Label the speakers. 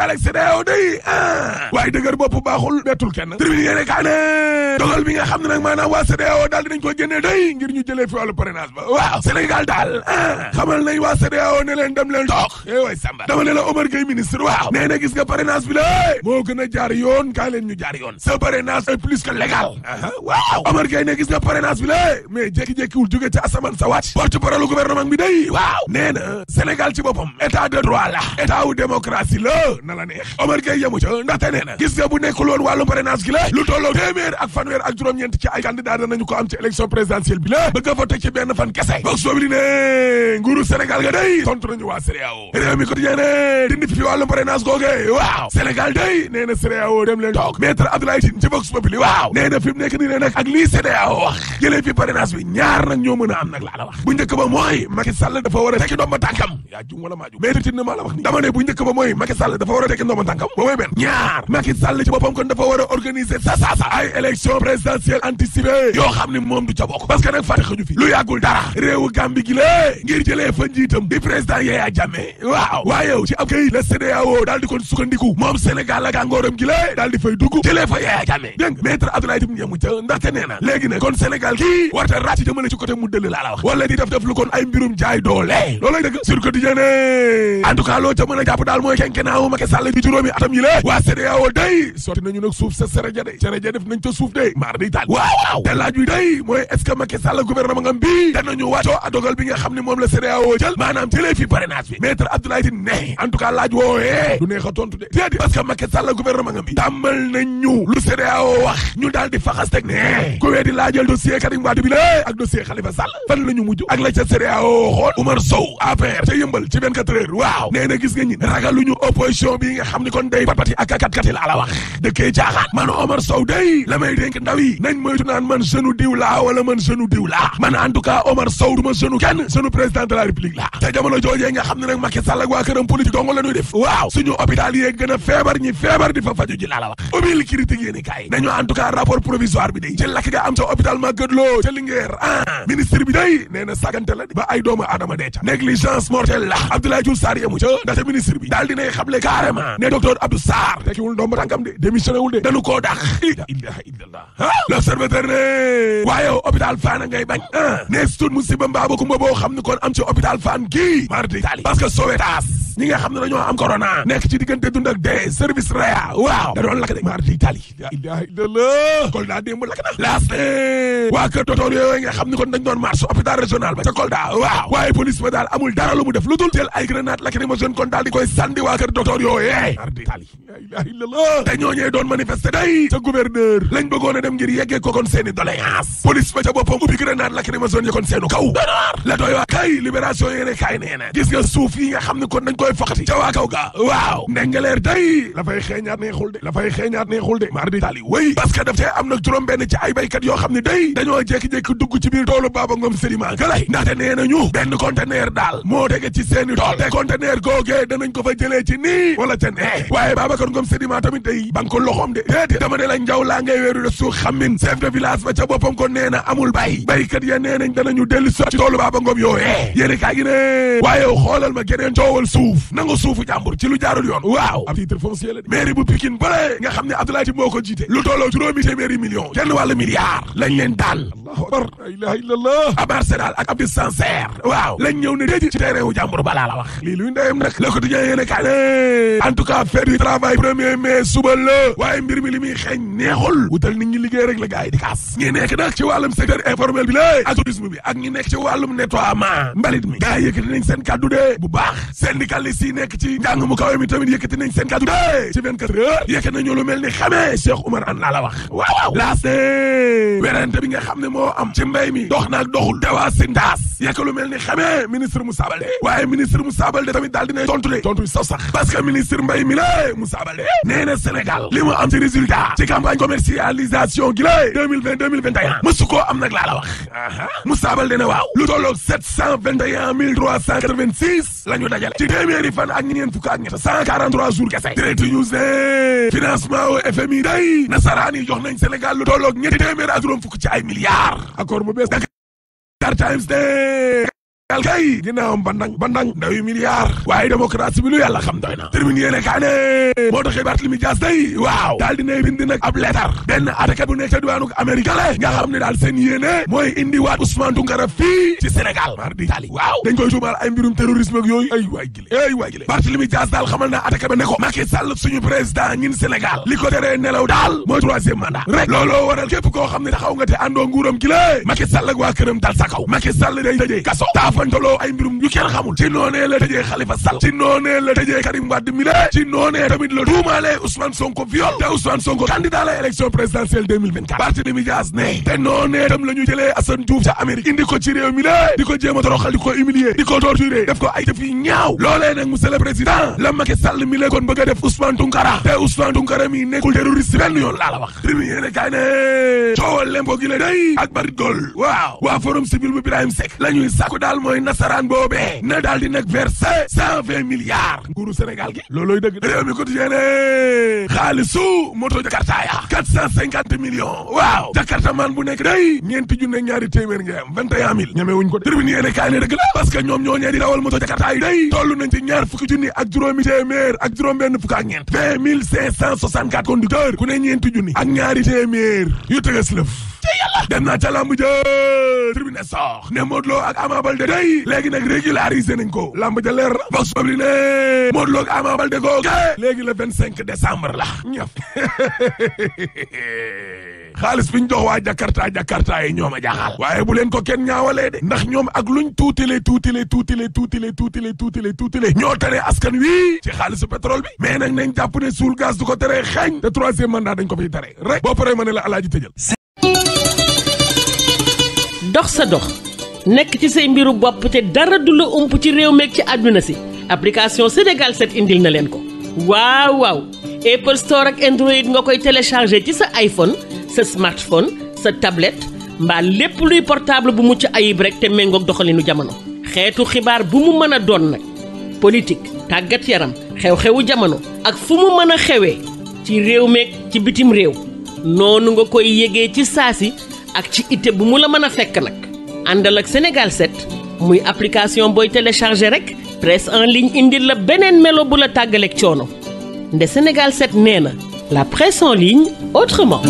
Speaker 1: Sénégal ak CEDEAO day ah waaye dëgër bopp baaxul bettul kenn tribune yéene kaa ne dogal bi nga xam ne nag maanaam waa CEDEAO daal dinañ ko génnee day ngir ñu jëlee fi wàllu parrainage ba waaw Sénégal daal ah xamal nañ waa CEDEAO ne leen dem leen toog eh way Samba dama ne la Omar Gueye ministre waaw nee na gis nga parrainage bi la moo gën a jaar yoon kaa ñu jaar yoon sa parrainage est plus que légal ah, ah, waaw Omar Gueye ne gis nga parrainage bi la mais jékki-jékkiwul jóge ci asamaan sa wàcc porte-parole gouvernement bi day waaw nee na ci boppam état de droit la état wu démocratie fanweer ak juróom-ñeent ci ay candidat danañu ko am ci élection présidentielle bi la bëgg a voté ci benn fan kese boog soobi li ne nguuru Sénégal ga day tontu nañu waa CEDEAO réew mi quotidien ne dindi fi wàllum parrainage googe waaw Sénégal day nee na CEDEAO dem leen toog maître Abdoulaye Tine ci vox populi waaw nee na fi mu nekk nii ne ak lii CEDEAO wax jëlee fi bi ñaar nag ñoo a am nag laa bu njëkk ba mooy Macky Sall dafa war a tekki a a organiser sa sa sa élection présidentielle anticipée yoo xam ne moom du ca parce que nag fàtte xaju fi lu yàggul dara réewu Gàmbi gi ngir jëlee fa njiitam di président Yaya Jammeh waaw waaye ci ab kayit la CEDEAO daal di kon sukkandiku moom Sénégal ak àngooram gi daal di fay dugg jëlee fa Yaya Jammeh dégg nga maître Abdoulaye Diouf ñemu ca ndaxte nee na léegi kon Sénégal kii warta ràcc jëmale ci côté mu dëll laa wax di def def lu kon ay mbirum jaay doole loo a day maar day taal waaw waaw te laaj bi day mooy est ce que Macky Sall gouvernement ngam bii danañu a dogal bi nga xam ne moom la CEDEAO jël maanaam jëlee fi parrainage bi maître Abdoulaye Tine ne en tout cas laaj woowee du neex a tontu de déedéet parce que Macky Sall gouvernement ngam bi tàmmal nañu lu CEDEAO wax ñu daal di faxas teg ne ku laajal dossier Karim Wade bi la ak dossier Khalifa Sall fan la mujj ak la ca CEDEAO xool Sow APR ca yëmbal ci 24 heures dénk nañu en rapport provisoire bi day ci lakk ga am sa hôpital Magatte Lô ca Linguère ah ministre bi day nee na sagante la ba ay doomu aadama dee ca négligence mortelle la Abdoulaye Diouf de démissionné wul de dañu koo dàq la ilaha ba l'observateur ne waaye hôpital Fann ngay bañ ah nees tuut musiba mbaa ba kumba boo xam ne kon am ci hôpital Fann gii mardi tali parce que Sowetaas ñi nga xam ne dañoo am corona nekk ci diggante dund dee service rea waaw da doon lakk de mar d'Italie la ilaha illallah Kolda démb lakk na laas waa xam ne kon dañ doon marche hôpital régional ba ca Kolda waaw waaye police ba daal amul dara lu mu def lu dul jël ay grenade lacrymogène kon daal di koy sànni waa kër docteur yooyu te ñooñee doon manifester day ca gouverneur lañ bëggoon a dem ngir yeggee ko kon seeni doléance police ba koy foqati ca waa kaw ga waaw ndengaleer day la fay xeeñaat neexul de la fay xeeñaat neexul de maar di tali wéy parce que daf cee am nag juróom benn ci ay baykat yoo xam ne day dañoo jékki-jékki ci nii wala ca nee waaye Babacar Ngom sédiment tamit day banque loxoom de déedéet dama ne njaw laa ngay weeru de suuf xammin chef de village ba ca boppam ko nee na amul bay baykat ya nee nañ danañu dellu so ci toolu baaba ngom yooyee yéeni kaa gi ne waaye xoolal ma geneen coowal suuf suuf nangu suufu jàmbur ci lu jaarul yoon waaw ab titre foncier mairie bu Pikine bële nga xam ne Abdoulaye Ti moo ko jiite lu tolloo juróomi téeméeri million genn wàllu milliard lañ leen daal allahu akbar la ilaha illallah abarsenal ak Abdou Sancerre waaw lañ ñëw ne déji ci terrain wu jàmbur balaa la wax lii luy ndeyam nag la ko ne en tout cas fête travail premier mai suba la waaye mbir mi li muy xeeñ neexul wutal nit ñi liggéey rek la gars yi di kaas ñi nekk nag ci wàllum secteur informel bi la ak tourisme bi bu baax syndicat journaliste yi nekk ci njàng mu kawe mi tamit yëkkati nañ seen kàddu de ci 24 heures yëkkati nañu lu mel ni xamee Cheikh Oumar an laa la wax waaw waaw laas werante bi nga xam ne moo am ci mbay mi dox naag doxul dawaa si ndaas yëkkati lu mel ni xamee ministre Moussa Baldé waaye ministre Moussa Baldé tamit daal dina tontu de tontu sax sax parce que ministre mbay mi la Moussa Baldé nee na Sénégal li mu am ci résultat ci campagne commercialisation gi la 2020 2021 mësu koo am nag laa la wax Moussa Baldé ne waaw lu tolloog 721 386 la ñu dajale fanweeri fan ak ñeent fukk ak ñett 143 jours kese direct news ne financement au day nasaraan jox nañ Sénégal lu tolloog ñetti téeméer ak juróom fukk ci ay milliards accord bu bees Dakar Times de al kay ginnaawam bandang bandang ndawi milliard waaye démocratie bi lu yàlla xam doy na termine yéene kaa ne moo taxee Barthélémy Dias day waaw daal dinay bind nag ab leetar benn attaqué bu nekk ca diwaanu la nga xam ne daal seen yéene mooy indi waat Ousmane Tounkara fii ci Sénégal mar di tali waaw dañ koy tuumaal ay mbirum terrorisme yooyu ay waay daal xamal na attaqué ba ne ko Macky Sall suñu président ñin Sénégal li ko teree nelaw daal jàppantaloo ay mbirum yu kenn xamul ci noonee la tëjee Khalifa mi la ci te noonee tam la ñu jëlee Assane ci réew mi la di ko jéem a toroxal def ko ay jëf ñaaw loolee nag monsieur le la Macky Sall mi kon bëgg a def Ousmane Tounkara te Ousmane Tounkara mi nekkul terroriste benn yoon laa wax rimi yéene kaay coowal lempo gi la day ak bari dool waa forum civil bu Ibrahim Seck la ñuy sàkku daal mooy nasaraan boobee na daal di nag versé cent vingt milliards nguuru loolooy dëgg réew mi quotidien ne xaalisu moto jakarta ya quatre cent cinquante millions waaw jakarta man bu nekk day ñeenti junne ñaari téeméer nga vingt et un mille ñamee wuñ ko tribune yéene kaay ne ñoom ñoo di dawal moto jakarta yi day toll nañ ci ñaar fukki junni ak juróomi téeméer ak juróom benn fukk ak ñeent vingt mille cinq cent soixante quatre conducteurs ku ne ñeenti junni ak ñaari dem naa ca lamb ja tribune sax ne Modou Lo ak Ama Baldé day léegi nag régularisé nañ ko lamb ja leer na Vox Populi ne Modou Lo ak Ama Baldé ko léegi le vingt cinq décembre la ñaf xaalis bi ñu jox waa Jakarta Jakarta yi ñoom a jaaxal waaye bu leen ko kenn ñaawalee de ndax ñoom ak luñ tuutile tuutile tuutile tuutile tuutile tuutile tuutile ñoo tere askan wi ci xaalisu pétrole bi mais nag nañ jàpp ne suul gaz du ko tere xeeñ te troisième mandat dañ ko fiy tere rek boo paree ma ne la alaaji tëjal dox sa dox nekk ci say mbiru bopp te dara du la ump ci réew meek ci àdduna si application Sénégal set indil na leen ko waaw waaw Apple Store ak Android nga koy télécharger ci sa iPhone sa smartphone sa tablet mbaa lépp luy portable bu mucc ayib rek te méngoog doxalinu jamono xeetu xibaar bu mu mën a doon nag politique tàggat yaram xew-xewu jamono ak fu mu mën a xewee ci réew meeg ci bitim réew noonu nga koy yégee ci saa si ak ci ité bu mu la mën a fekk nag àndal ak Sénégal 7 muy application booy téléchargé rek presse en ligne indil la beneen melo bu la tàggaleek coono nde Sénégal 7 nee na la presse en ligne autrement.